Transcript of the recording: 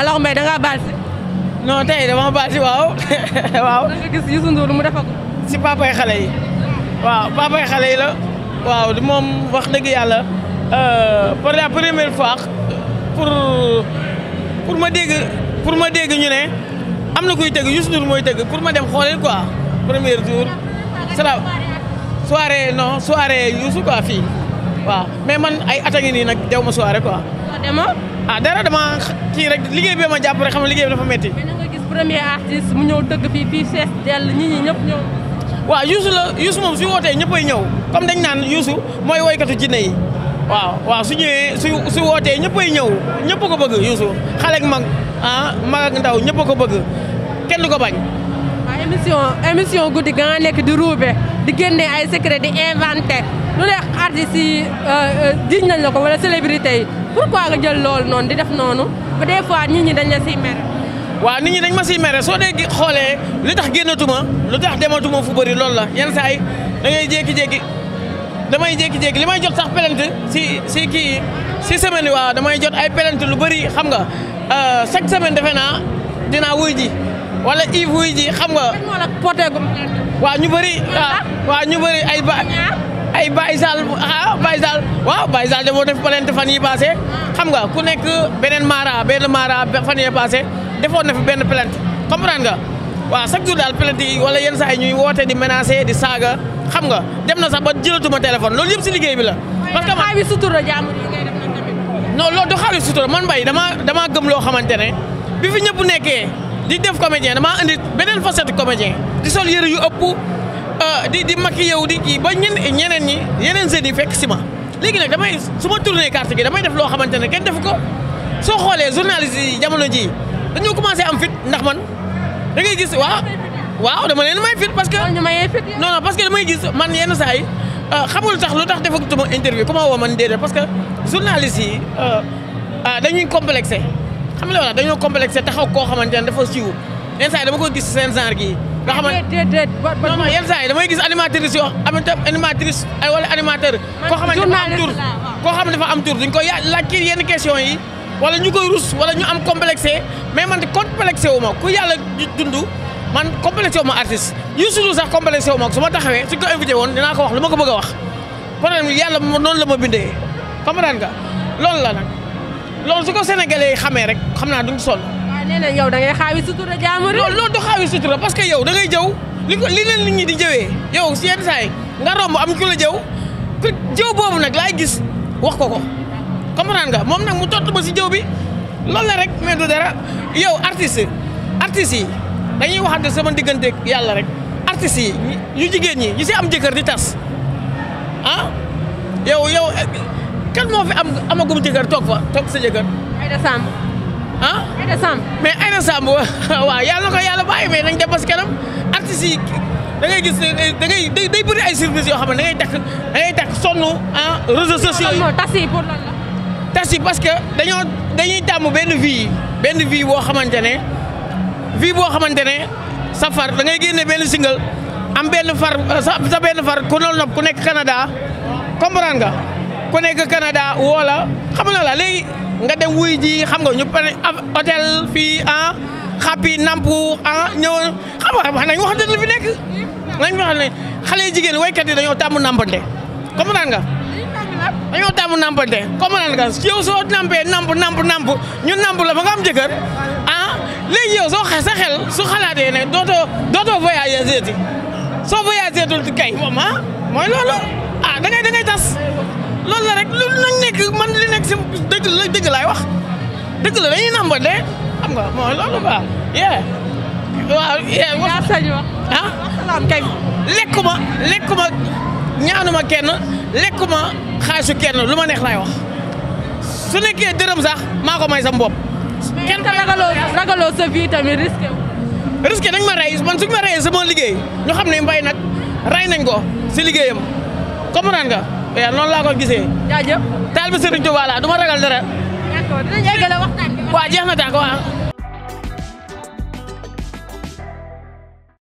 alors Mbaye da ngaa baal si. non tey dama baal si waaw. waaw gis Youssou Ndour mu defako si papay xale yi. waaw papay xale yi la. waaw moom wax dëgg yàlla euh, pour la première fois pour pour ma dégg pour ma dégg ñu ne am na kuy tëgg Youssou Ndour mooy tëgg pour ma dem xooleel quoi premier jour. sala soirée non soirée Youssou quoi fii waaw mais man ay at a nii nag dew ma soirée quoi. demoo. ah dara dama kii rek liggéey bi ma jàpp rek xam nga liggéey bi dafa métti. mais na nga gis premier mu ñëw dëgg fii fii fees dell nit ñi ñëpp ñëw. waaw Youssou la Youssou moom su wootee ñëppay ñëw comme dañ naan Youssou mooy woykatu jinne yi waaw waaw su ñëwee su su wootee ñëppay ñëw ñëpp ko bëgg Youssou xale ak mag ah mag ak ndaw ñëpp ko bëgg kenn ko bañ. émission émission guddi ga nga nekk di ruube di génne ay secret di inventé lu ne artistes yi euh, euh, jiñ nañ la ko wala célébrité yi pourquoi nga jël lool noonu di def noonu ba des fois nit ñi dañ la siy mere. waaw ni ñi dañ ma siy mere soo dee xoolee li tax génnatuma lu tax dematuma fu bëri loolu la yenn saa yi da ngay jékki damay jékki-jékki li may jot sax pelante si si kii si semaine wa damay jot ay pelante lu bëri xam nga euh, chaque semaine defe naa dinaa wuy ji. wala iivuy ji xam nga. waa ñu bëri. waaw ñu bëri ay ba ay Baye Sall ah Baye Sall waaw Baye Sall dafa def plainte fan yi passé ah. xam nga ku nekk beneen mara benn mara fan yii passé defoon na fi benn plainte comprendre nga waaw chaque jour daal plainte yi wala yenn saa yi ñuy woote di menacer di saaga xam nga dem na sax ba jëlatuma téléphone loolu yëpp si liggéey bi la. parce que xaalis sutura jàmbur yi ngay def non loolu du man Mbaye dama damaa gëm loo xamante ne bi fi ñëpp nekkee. di def comédien damaa indi beneen facette comédien di sol yëre yu ëpp euh, di di makki yow di kii ba ñen ñeneen ñi yeneen jeunes yi fekk si ma léegi nag damay su ma tourné carte gi damay def loo xamante ne kenn def ko soo xoolee journaliste yi jamono ji dañoo commencé am fit ndax man da ngay gis waaw waaw dama leen may fit parce que non non parce que damay gis man yenn saa yi euh, xamul tax lu tax defagutuma interview comment woo man déedéet parce que journaliste yi euh, dañuy complexé xam nga wala dañoo complexé taxaw koo xamante ne dafa siiw yenn saa yi dama koy gis seen genre gii. xam ne déet déet non non yenn saa yi damay gis animatrice yoo am animatrice wala animateur. koo xamante dafa am tur koo xam ne dafa am tur duñ koy laaj kii yenn yi wala ñu koy rus wala ñu am complexé mais man complexé wu ma ku yàlla dund man complexé wu ma yu sulu sax complexé wu ma su ma taxawee si ko invité woon naa ko wax lu ma ko bëgg a wax problème yàlla noonu la ma bindee comprendre nga loolu la nag. loolu su ko sénégalais yi xamee rek xam naa duñ sonn. waaye ah, na yow dangay ngay xaawi sutura jaamur. loolu loolu du xaawi sutura parce que yow da ngay jëw li ko li leen nit ñi di jëwee yow si yenn saa yi nga romb am ku la jëw ku jëw boobu nag laay gis wax ko ko comprendre nga moom nag mu tott ba si jëw bi loolu la rek mais du dara yow artiste artistes yi dañuy waxante sama diggante yàlla rek artistes yi ñu jigéen ñi ñu si am jëkkër di tas ah yow yow. kan moo fi am amagum jëkkër toog fa toog sa jëkkër. Aïda Samb. ah Aïda Samb. mais Aïda Samb waaw yàlla na ko mais nañ dem ba si kanam artistes da ngay gis da ngay day day bëri ay services yoo xam ne da ngay takk da ngay takk sonn ah. réseaux sociaux yi parce que dañoo dañuy tàmm benn vie benn vie boo xamante ne vie boo xamante ne sa far da ngay génne benn single am benn far sa benn far ku noonu nopp ku nekk Canada comprendre nga. ku nekk Canada woo la xam na la léegi nga dem wuy ji xam nga ñu pare hôtel fii ah xàppi nampu ah ñëw xam nga wax nañ wax dëgg fi nekk. nañ wax ne xale jigéen waykat yi dañoo tàmm nampante comprendre nga. dañoo tàmm nampante ma nga yow soo nampee namp namp namp ñu la ba nga am jëkkër ah léegi yow soo sa xel su xalaatee ne dootoo dootoo voyager seeti soo voyager tul kay moom ah mooy loolu ah dangay dangay tas. loolu la rek lu lañ nekk man li nekk si dëgg la dëgg laay wax dëgg la dañuy namba de xam nga moo loolu quoi yee waaw yee wax sañ wax ah salaam kay lekkuma kenn lu ma nekk laay wax su nekkee dërëm sax maa ko may sam bopp kenn ragaloo ragaloo sa vie tamit risqué ma rey man suñ ma reyee sama liggéey ñu xam ne mbay nag rey nañ ko si liggéeyam comprendre nga waaw noonu laa ko gisee. jaajëf taal bi Serigne Touba laa du ragal dara. d'accord dinañ eggale waxtaan bi.